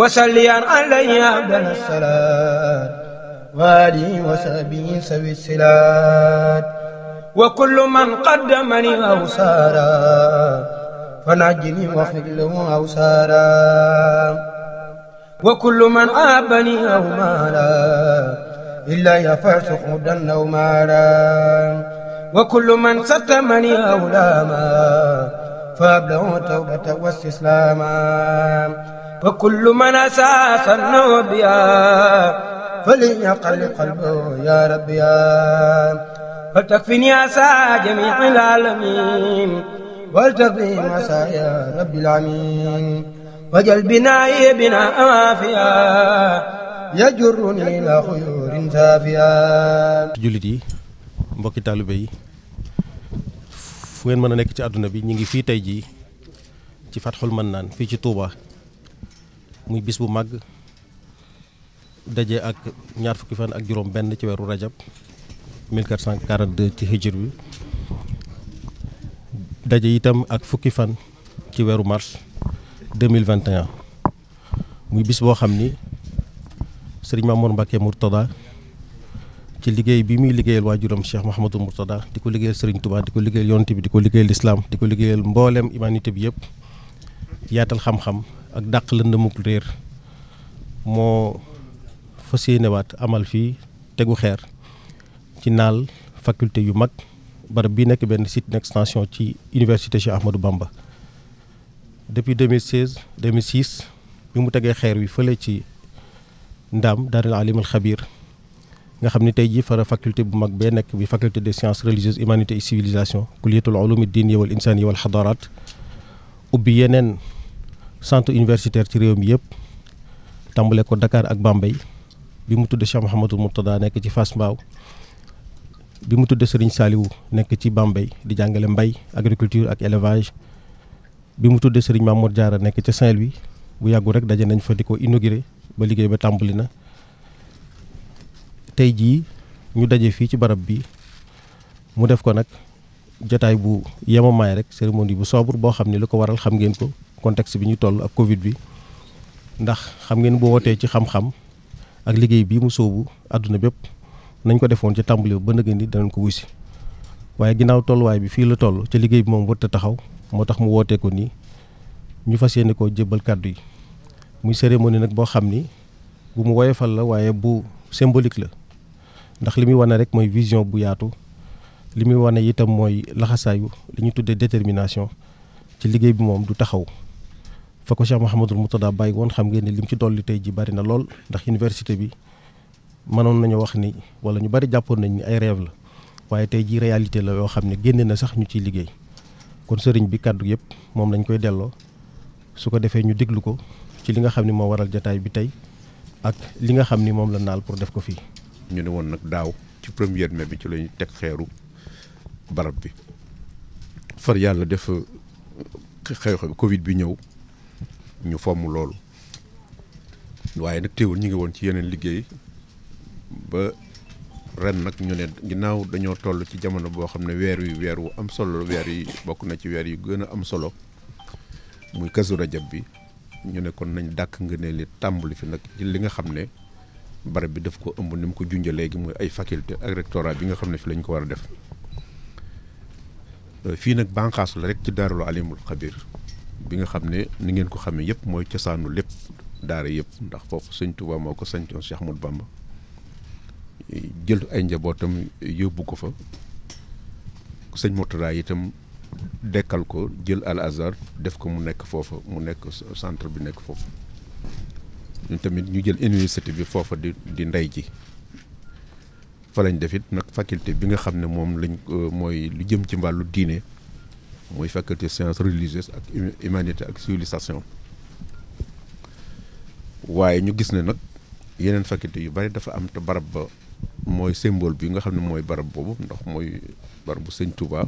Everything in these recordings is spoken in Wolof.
wasaliyaan alayhi abdal salaat waali wasabi sawi silaat wa kullu man qaddamani aw saara fa najjini waxfid lahu aw saara wa kullu man aabani aw maala illaa farsu xudan aw maala wa kullu man satamani aw laama fa ablahu tawbata wa istislaama فكل من أساس النوبيا فليقل قلبه يا رب يا فلتكفني أسى جميع العالمين ولتقضي مسا يا رب العالمين وجل بنائي بنا أوافيا يجرني إلى خيور سافيا jullit yi mbokki taalibe yi fu ngeen mën a nekk ci àdduna bi ñu ngi fii tey jii ci Fatxul Mannaan fii ci Touba muy bis bu mag daje ak ñaar fukki fan ak juróom benn ci weeru rajab 1442 ci hijir bi daje itam ak fukki fan ci weeru mars 2021 muy bis boo xam ni sëriñ Mamour Mbacke Mourtada ci liggéey bi muy liggéeyal waajuram Cheikh Mouhamadou Mourtada di ko liggéeyal sëriñ Touba di ko liggéeyal yonte bi di ko liggéeyal lislaam di ko liggéeyal mbooleem humanité bi yëpp yaatal xam-xam ak dàq lëndëmuk réer moo fas yéenewaat amal fii tegu xeer ci naal faculté yu mag barab bii nekk benn site d'extension ci université Cheikh Ahmadou Bamba depuis 2016 2006 bi mu tegee xeer wi fële ci ndaam daaril alimul xabir nga xam ne tey jii fara faculté bu mag bee nekk bi faculté de sciences religieuses humanités et civilisation kulliyatul ulumi diiniya wal insaaniya wal xadaraat ubbi yeneen centre universitaire ci réew mi yëpp tàmbale ko Dakar ak Bambey bi mu tudd Cheikh Mouhamadou Mourtada nekk ci Fass Mbao bi mu tudd Serigne saaliwu nekk ci Bambey di jàngale mbay agriculture ak élevage bi mu tudd sëriñ Serigne jaar a nekk ca Saint-Louis bu yàggu rek daje nañ fa di ko inauguré ba liggéey ba tàmbali na tey jii ñu daje fii ci barab bi mu def ko nag jotaay bu yemamaay rek cérémonie bu sobre boo xam ne lu ko waral xam ngeen ko contexte bi ñu toll ak Covid bi ndax xam ngeen boo wootee ci xam-xam ak liggéey bii mu soobu àdduna bépp nañ ko defoon ca tàmbali ba nëgën ni danañ ko wusi waaye ginnaaw tolluwaay bi fii la toll ca liggéey bi moom warut taxaw moo tax mu wootee nii ñu fas yéene koo jébbal kàddu yi muy cérémonie nag boo xam ni bu mu woyofal la waaye bu symbolique la ndax li muy wane rek mooy vision bu yaatu li muy wane itam mooy laxasaayu li ñu tuddee détermination ci liggéey bi moom du taxaw fa ko Cheikh Mouhamadul daa bàyyi woon xam ngeen ne lim ci dolli tey ji bari na lool ndax université bi mënoon nañu wax ni wala ñu bari jàppoon nañ ni ay rêve la waaye tey ji réalité la yoo xam ne génne na sax ñu ciy liggéey kon sëriñ bi kàddu yëpp moom lañ koy delloo su ko defee ñu déglu ko ci li nga xam ne moo waral jataay bi tey ak li nga xam ni moom la naal pour def ko fii. ñu ne woon nag daaw ci premier mai bi ci la teg xeeru barab bi far yàlla def xew-xew Covid bi ñëw. ñu fomm loolu waaye nag téewul ñu ngi woon ci yeneen liggéey ba ren nag ñu ne ginnaaw dañoo toll ci jamono boo xam ne weer wi weer wu am solo weer yi bokk na ci weer yu gën a am solo muy kasu rajab bi ñu ne kon nañ dàkk nga ne li tàmbuli fi nag ci li nga xam ne barab bi daf ko ëmb ni mu ko junjee léegi muy ay faculté ak rectorat bi nga xam ne fi lañ ko war a def fii nag banqaasu la rek ci daarul alimul xabir bi nga xam ne ni ngeen ko xamee yëpp mooy cosaanu lépp daara yëpp ndax foofu sëñ Touba moo ko santoon Cheikh Ahmadou Bamba jël ay njabootam yóbbu ko fa sëñ Mourtada itam dekkal ko jël Al Azhar def ko mu nekk foofa mu nekk centre bi nekk foofu ñun tamit ñu jël université bi foofa di di ndey ji fa lañ def it nag faculté bi nga xam ne moom lañ ko mooy lu jëm ci mbàllu diine mooy faculté sciences religieuses ak humanité ak civilisation waaye ñu gis ne nag yeneen faculté yu bari dafa am te barab ba mooy symbole bi nga xam ne mooy barab boobu ndox mooy barabu sëñ Touba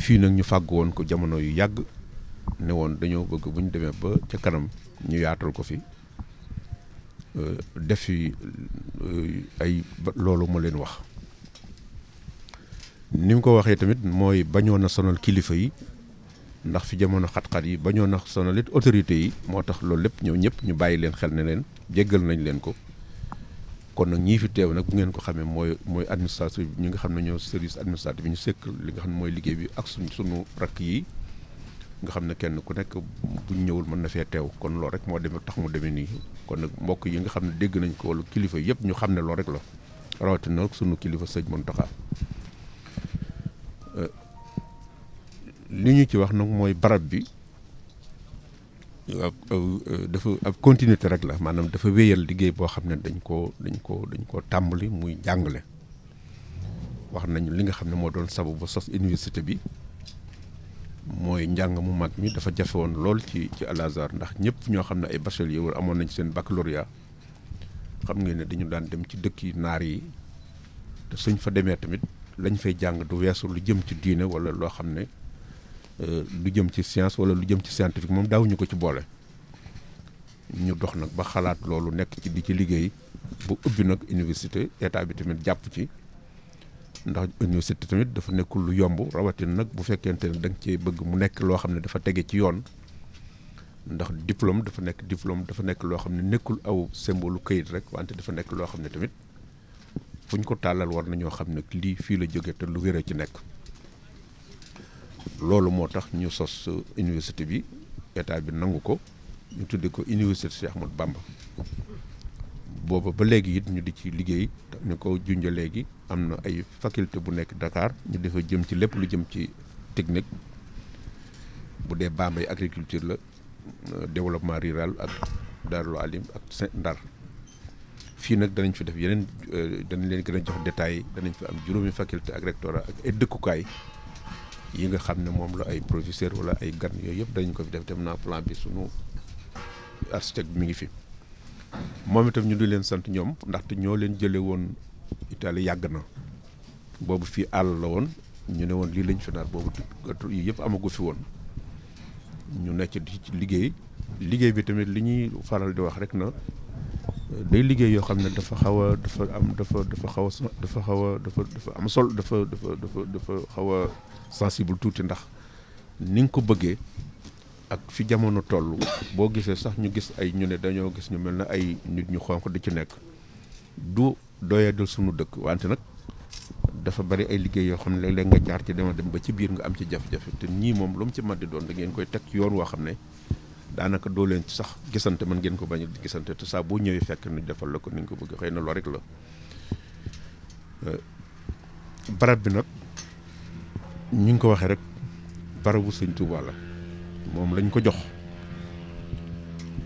fii nag ñu fàgg woon ko jamono yu yàgg ne woon dañoo bëgg bu ñu demee ba ca kanam ñu yaatal ko fi euh, def fi euh, ay loolu ma leen wax ni mu ko waxee tamit mooy bañoon a sonal kilifa yi ndax fi jamono xat-xat yi bañoon a sonal it autorités yi moo tax loolu lépp ñëw ñëpp ñu bàyyi leen xel ne leen jéggal nañ leen ko kon nag ñii fi teew nag bu ngeen ko xamee mooy mooy administration bi ñi nga xam ne ñoo service administratif bi ñu sekk li nga xam ne mooy liggéey bi ak suñ suñu rakk yi nga xam ne kenn ku nekk buñ ñëwul mën na fee teew kon loolu rek moo demee tax mu deme nii kon nag mbokk yi nga xam ne dégg nañ ko wala kilifa yëpp ñu xam ne loolu rek la rawatina nag sunu kilifa sëñ Mountakha li ñu ci wax nag mooy barab bi dafa ab continuité rek la maanaam dafa wéyal liggéey boo xam ne dañ koo dañ koo dañ koo tàmbali muy jàngale wax nañu li nga xam ne moo doon sababu sos université bi mooy njàng mu mag mi dafa jafe woon lool ci ci Al ndax ñëpp ñoo xam ne ay bachelier wala amoon nañ seen baccalauréat xam nga ne dañu daan dem ci dëkk yi naar yi te suñ fa demee tamit lañ fay jàng du weesu lu jëm ci diine wala loo xam ne Euh, lu jëm ci science wala lu jëm ci scientifique moom daawuñu ko ci boole ñu dox nag ba xalaat loolu nekk ci di ci liggéey bu ubbi nag université état bi tamit jàpp ci ndax université tamit dafa nekkul lu yomb rawatin nag bu fekkente ne da cee bëgg mu nekk loo xam ne dafa tege ci yoon ndax diplôme dafa nekk diplôme dafa nekk loo xam ne nekkul aw symbole kayit rek wante dafa nekk loo xam ne tamit fu ñu ko tàllal war na ñoo xam ne lii fii la jóge lu wér a ci nekk. loolu moo tax ñu sos université bi état bi nangu ko ñu tuddee ko université Cheikh Ahmadou Bamba booba ba léegi it ñu di ci liggéey ñu ko junja léegi am na ay faculté bu nekk dakaar ñu defa jëm ci lépp lu jëm ci technique bu dee Bambey agriculture la développement rural ak Darou Alim ak Saint Ndar fii nag danañ fi def yeneen euh, danañ leen gën a jox détails danañ fi am juróomi faculté ak rectorat ak ay dëkkukaay yi nga xam ne moom la ay professeur wala ay gan yooyu yëpp dañu ko fi def dem naa plan bi sunu architecte bi mi ngi fi moom itam ñu di leen sant ñoom ndaxte ñoo leen jële woon itali yàgg na boobu fii àll la woon ñu ne woon lii lañ fi naar boobu yi yëpp amagu fi woon ñu nekk di ci liggéey liggéey bi tamit li ñuy faral di wax rek na day liggéey yoo xam ne dafa xaw a dafa am dafa dafa xaw a dafa xaw a dafa dafa am sol dafa dafa dafa dafa xaw a sensible tuuti ndax ni nga ko bëggee ak fi jamono toll boo gisee sax ñu gis ay ñu ne dañoo gis ñu mel na ay nit ñu xonq di ci nekk du doyee dal suñu dëkk wante nag dafa bari ay liggéey yoo xam ne léeg nga jaar ci dema dem ba ci biir nga am ci jafe-jafe te ñii moom lu mu ci mën doon da ngeen koy teg ci yoon woo xam ne daanaka doo leen ci sax gisante mën ngeen ko bañ a gisante te saa boo ñëwee fekk nu defal la ko ni nga ko bëgg xëy na loo rek la euh, barab bi nag ñu ngi ko waxee rek barabu sëñ Touba la moom lañ ko jox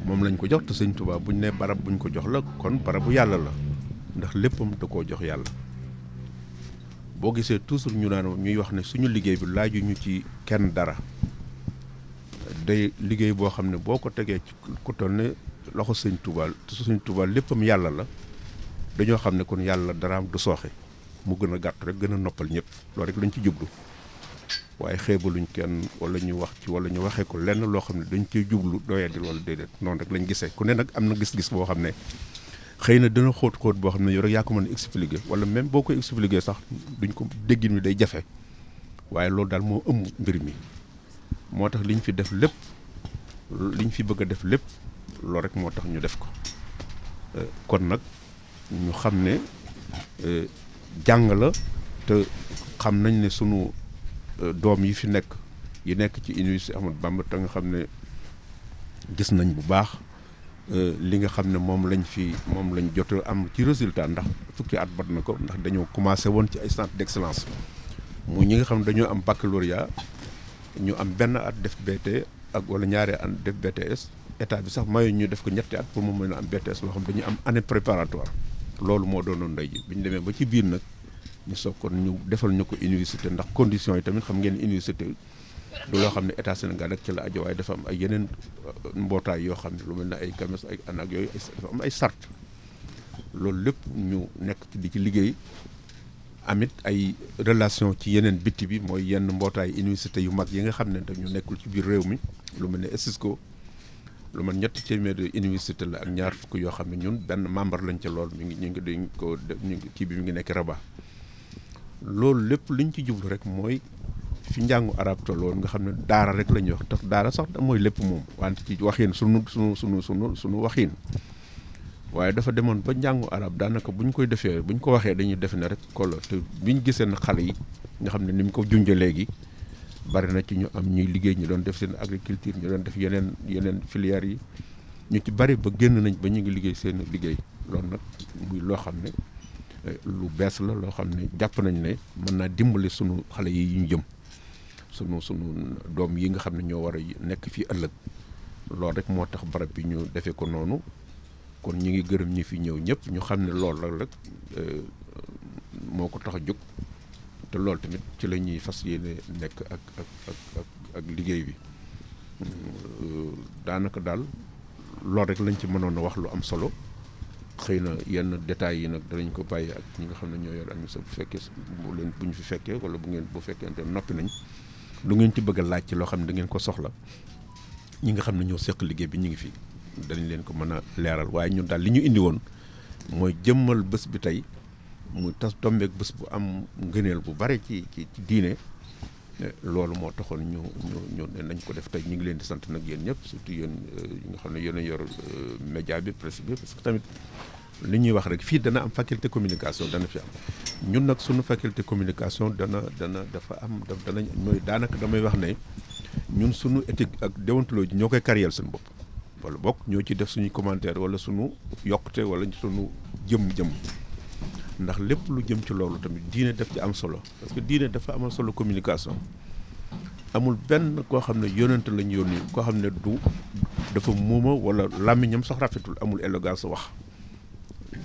moom lañ ko jox te sëñ Touba buñ nee barab buñ ko jox la kon barabu yàlla la ndax léppam da koo jox yàlla boo gisee toujours ñu naan ñuy wax ne suñu liggéey bi laaju ñu ci kenn dara day liggéey boo xam ne boo ko tegee ci ku toll ne loxo sëñ Tuubaa te sëñ Tuubaa léppam yàlla la dañoo xam ne kon yàlla dara am du sooxe mu gën a gàtt rek gën a noppal ñëpp loolu rek lañ ci jublu waaye luñ kenn walla ñu wax ci wala ñu waxee ko lenn loo xam ne dañ ciy jublu doyadil wala déedéet noonu rek lañ gisee ku ne nag am na gis-gis boo xam ne xëy na dina xóot xóot boo xam ne yow rek yaa ko mën a expliquer wala même boo ko expliquer sax duñ ko déggin day jafe waaye loolu daal moo ëmb mbir mi moo tax liñ fi def lépp liñ fi bëgg a def lépp loolu rek moo tax ñu def ko euh, kon nag ñu xam ne euh, jàng la te xam nañ ne sunu euh, doom yi fi nekk yi nekk ci université Ahmadou Bamba te nga xam ne gis nañ bu baax li nga xam ne moom lañ fi moom lañ jot am ci résultat ndax fukki at bat na ko ndax dañoo commencé woon ci ay centre d'excellence mu ñi nga xam ne dañoo am baccalauréat ñu am benn at def BT ak wala ñaari at def BTS état bi sax mayu ñu def ko ñetti at pour mu mën a am BTS boo xam dañu am année préparatoire loolu moo doonoon ndey ji bi ñu demee ba ci biir nag ñu soog kon ñu defal ñu ko université ndax conditions yi tamit xam ngeen université du xam ne état Sénégal rek ci la ajo waaye dafa am ay yeneen euh, mbootaay yoo xam ne lu mel ne ay CAMES ay ANAQ yooyu dafa am ay sart loolu lépp ñu nekk di ci liggéey amit ay relation ci yeneen bitti bi mooy yenn mbootaay université yu mag yi nga xam ne dañu nekkul ci biir réew mi lu mel ne ESISCO lu man ñett téeméeri université la ak ñaar fukk yoo xam ne ñun benn membre lañ ca lool mi ngi ñu ngi ko ñu ngi kii bi mi ngi nekk Rabat loolu lépp liñ ci jublu rek mooy fi njàngu arab tolloon nga xam ne daara rek la ñuy wax tax daara sax mooy lépp moom wante ci waxin sunu sunu sunu sunu sunu waxin waaye dafa demoon ba njàngu arab daanaka bu ñu koy defee bu ñu ko waxee dañuy def ne rek kolo te bi ñu gisee na xale yi nga xam ne ni mu ko junjee léegi bari na ci ñu am ñuy liggéey ñu doon def seen agriculture ñu doon def yeneen yeneen filières yi ñu ci bari ba génn nañ ba ñu ngi liggéey seen liggéey loolu nag muy loo xam ne eh, lu bees la loo xam ne jàpp nañ ne mën naa dimbali sunu xale yi ñu jëm sunu sunu doom yi nga xam ne ñoo war a nekk fii ëllëg loolu rek moo tax barab bi ñu defee ko noonu kon ñu ngi gërëm ñi fi ñëw ñëpp ñu xam ne loolu rek rek euh, moo ko tax a jóg te loolu tamit ci la ñuy fas yéene nekk ak ak liggéey bi daanaka daal lool rek lañ ci mënoon a wax lu am solo xëy na yenn détails yi nag danañ ko bàyyi ak ñi nga xam ne ñoo yor am sa bu fekkee bu leen ñu fi fekkee wala bu ngeen bu fekkente noppi nañ lu ngeen ci bëgga laaj ci loo xam ne da ngeen ko soxla ñi nga xam ne ñoo seq liggéey bi ñu ngi fi. dañu leen ko mën a leeral waaye ñun daal li ñu indi woon mooy jëmmal bés bi tey muy tas tombeek bés bu am ngëneel bu bare ci ci diine eh, loolu moo taxoon ñu ñu ñu ne nañ ko def tey ñu ngi leen di sant nag yéen ñëpp surtout yéen ñi eh, nga xam ne yéen a yor eh, média bi presse bi parce que tamit li ñuy wax rek fii dana am faculté communication dana fi am ñun nag suñu faculté communication dana dana dafa am danañ mooy daanaka damay wax ne ñun sunu éthique ak déontologie ñoo koy carrière seen bopp wala bokk ñoo ci def suñu commentaire wala suñu yokkute wala suñu jëm-jëm ndax lépp lu jëm ci loolu tamit diine def ci am solo parce que diine dafa amal solo communication amul benn koo xam ne yonent lañ yónni koo xam ne du dafa muuma wala làmmiñam sax rafetul amul élégance wax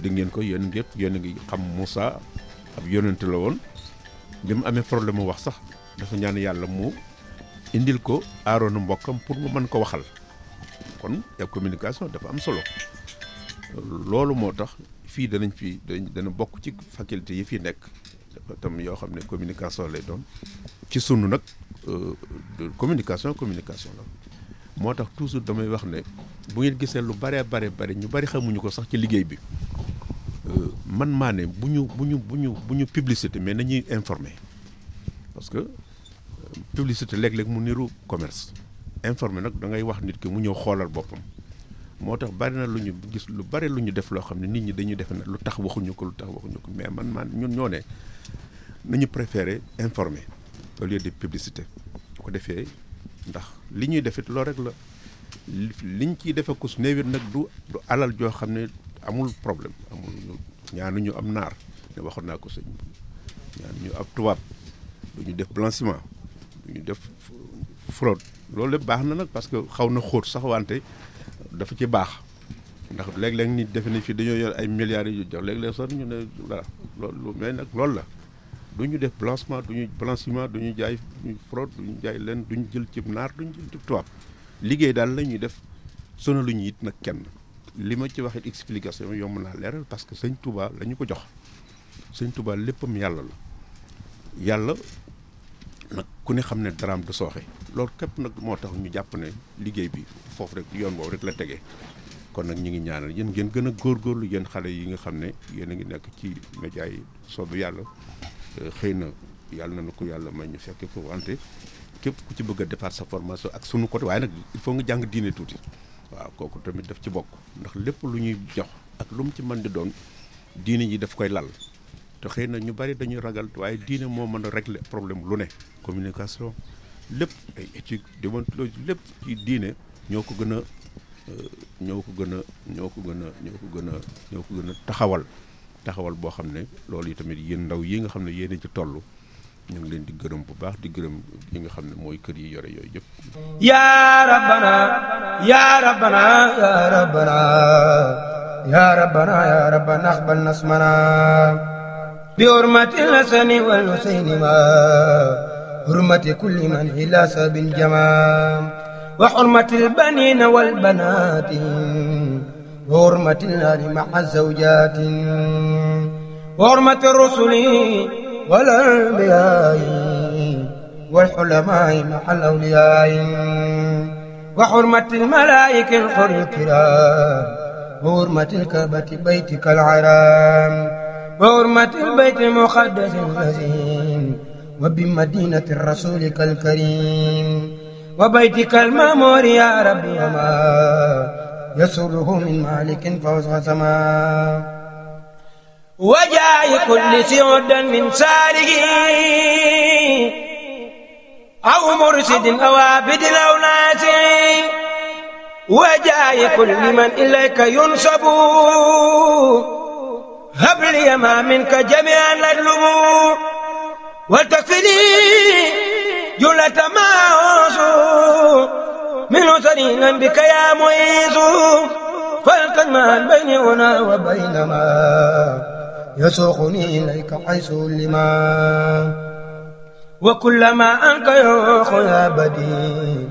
dégg ngeen ko yonent yëpp yonent ngi xam Moussa ab yonent la woon bi mu amee problème wax sax dafa ñaan yàlla mu indil ko aaroonu mbokkam pour mu mën ko waxal kon communication dafa am solo loolu moo tax fii danañ fi dana bokk ci faculté yi fi nekk dafa tam yoo xam ne communication lay doon ci sunu nag euh, communication communication la moo tax toujours damay wax ne bu ngeen gisee lu bare bare bare ñu bari xamuñu ko sax ci liggéey bi euh, man maa ne bu ñu bu ñu bu ñu bu ñu publicité mais nañuy informer parce que euh, publicité léeg-léeg mu niru commerce informé nag da ngay wax nit ki mu ñëw xoolal boppam moo tax bari na lu ñu gis lu bari lu ñu def loo xam ne nit ñi dañuy def na lu tax waxuñu ko lu tax waxuñu ko mais man man ñun ñoo ne nañu préféré informer au lieu de publicité bu ko defee ndax li ñuy def it loolu rek la liñ ciy defe kus néewit nag du du alal joo xam ne amul problème amul ñu am naar ne waxoon naa ko sëñ ñu ab tubaab du ñu def blanchiment du ñu def fraude loolu lépp baax na nag parce que xaw na xóot sax wante dafa ci baax ndax léeg-léeg nit defe nañ fii dañoo yor ay milliards yu jox léeg-léeg sax ñu ne voilà loolu mais nag loolu la du ñu def blanchiment du ñu blanchiment du ñu jaay fraude du ñu jaay leen du ñu jël cib naar du ñu jël cib tubaab liggéey daal la ñuy def sono lu ñu yit nag kenn li ma ci waxit explication yomb naa leeral parce que sëñ Touba la ñu ko jox sëñ Touba léppam yàlla la yàlla nag ku ne xam ne daraam du sooxe loolu képp nag moo tax ñu jàpp ne liggéey bi foofu rek yoon boobu rek la tegee kon nag ñu ngi ñaanal yéen ngeen gën a góorgóorlu yéen xale yi nga xam ne yéen a ngi nekk ci média yi soobu yàlla euh, xëy na yàlla na nu ko yàlla ma ñu fekke ko wante képp ku ci bëgg a defar sa formation ak sunu côté waaye nag il faut nga jàng diine tuuti waaw kooku tamit daf ci bokk ndax lépp lu ñuy jox ak lu mu ci mën di doon diine yi daf koy lal te xëy na ñu bari dañuy ragal waaye diine moo mën a régler problème lu ne communication lépp ay éthique déontologie lépp ci diine ñoo ko gën a euh, ñoo ko gën a ñoo ko gën a ñoo ko gën a ñoo ko gën a taxawal taxawal boo xam ne loolu yi tamit yéen ndaw yi nga xam ne yéen a ci toll ñu ngi leen di gërëm bu baax di gërëm yi nga xam ne mooy kër yi yore yooyu yëpp. yaa rabbana yaa rabbana yaa rabbana yaa rabbana yaa rabbana aqbal nasmana bi hurmatil hasani wal husayni ma hurmati kulli man ila sabin jamaam wa hurmatil banina wal banati wa hurmatil ali ma'a zawjatin wa hurmatir rusuli wal anbiya'i wal hulama'i ma'al awliya'i wa hurmatil malaa'ikil kiram وحرمة الكعبة بيتك الحرام وحرمة البيت المقدس الذي وبمدينة الرسول كالكريم وبيتك المامور يا رب وما يسره من مالك فوز سما وجاي كل سعدا من سالك أو مرشد أو عابد أو ناسي وجاي كل من إليك ينسب هب لي ما منك جميعا نطلب والتكفني جلة ما أوصو من سرينا بك يا معيز فالكلمان بيني هنا وبينما يسوقني إليك حيث لما وكلما أنك يوخ يا بدي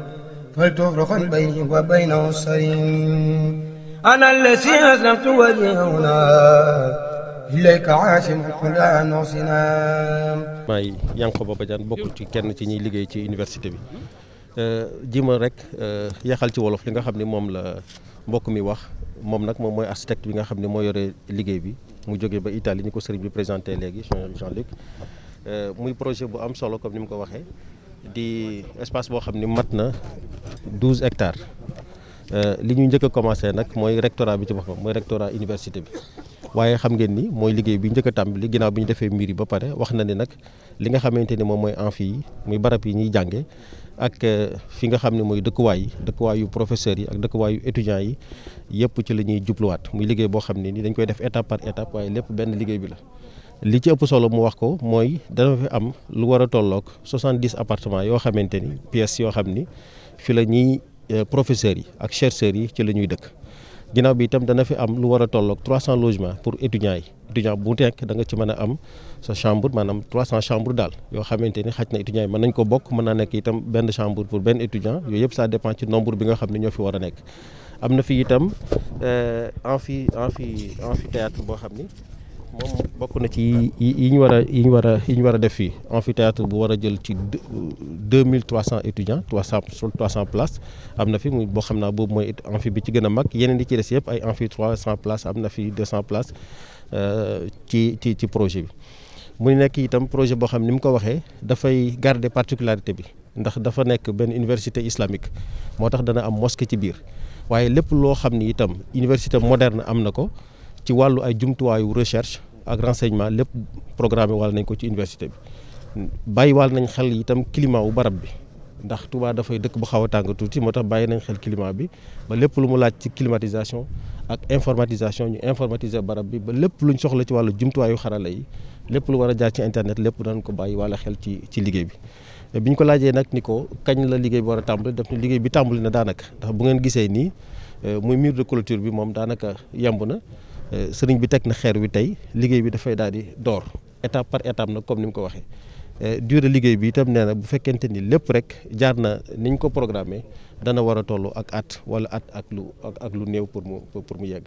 فلتفرق بيني وبينه السرين أنا الذي أسلمت وجهي هنا ilayka aasim xulaa nosinaam maay Yankoba Badiane bokk ci kenn ci ñuy liggéey ci université bi euh, jima rek euh, yaxal ci wolof li nga xam ne moom la mbokk mi wax moom nag moom mooy architecte bi nga xam ne moo yore liggéey bi mu jóge ba Italie ñu ko sëriñ bi présenté léegi Jean-Luc euh, muy projet bu am solo comme ni mu ko waxee di espace boo xam ni mat na hectare hectares li ñu njëkk a commencé nag mooy rectorat bi ci boppam mooy rectorat université bi waaye xam ngeen ni mooy liggéey bi njëkk a tàmbali ginnaaw bi ñu defee mbir yi ba pare wax na ne nag li nga xamante ni moom mooy amphi yi muy barab yi ñuy jànge ak euh, fi nga xam ne mooy dëkkuwaay yi dëkkuwaayu professeur yi ak dëkkuwaayu étudiants yi yëpp ci la ñuy jubluwaat muy liggéey boo xam ne ni dañ koy def étape par étape waaye lépp benn liggéey bi la. li ci ëpp solo mu wax ko mooy dana fi am lu war a tolloog soixante-dix appartements yoo xamante ni pièces yoo xam ni fi la ñuy euh, professeurs yi ak chercheurs yi ci la ñuy dëkk. ginnaaw bi itam dana fi am lu war a tolloog 300 logements pour étudiants yi étudiant bu nekk da nga ci mën a am sa chambre maanaam 300 chambres daal yoo xamante ni xaj na étudiants yi mën nañ ko bokk mën naa nekk itam benn chambre pour benn étudiant yooyu yëpp ça dépend ci nombre bi nga xam ne ñoo fi war a nekk am na fi itam euh, amphi amphi amphithéâtre boo xam ni moom bokk na ci yi ñu war a yi ñu war a yi ñu war a def fii amphithéâtre bu war a jël ci deux mille trois cent étudiants trois cent trois cent places am na fi muy boo xam naa boobu mooy amphi bi ci gën a mag yeneen di ci des yëpp ay amphi trois cent places am na fi deux cent places euh, ci ci ci projet bi. mu nekk itam projet boo xam ni mu ko waxee dafay garder particularité bi ndax dafa nekk benn université islamique moo tax dana am mosquée ci biir waaye lépp loo xam ni itam université moderne am na ko ci wàllu ay jumtuwaayu recherche ak renseignement lépp programme wàll nañ ko ci université bi bàyyi wàll nañ xel itam climat wu barab bi ndax Touba dafay dëkk bu xaw a tàng tuuti moo tax bàyyi nañ xel climat bi ba lépp lu mu laaj ci climatisation ak informatisation ñu informatiser barab bi ba lépp lu ñu soxla ci wàllu jumtuwaayu xarala yi lépp lu war a jaar ci internet lépp daan ko bàyyi wàll xel ci ci liggéey bi. bi ñu ko laajee nag ni ko kañ la liggéey bi war a tàmbali def liggéey bi tàmbali na daanaka ndax bu ngeen gisee nii euh, muy de clôture bi moom daanaka yemb na. sëriñ bi teg na xeer wi tey liggéey bi dafay daal di door étape par étape na comme ni mu ko waxee euh, durée liggéey bi itam nee na bu fekkente ni lépp rek jaar na ni ñu ko programmé dana war a toll ak at wala at ak lu ak lu néew pour mu pour mu yegg.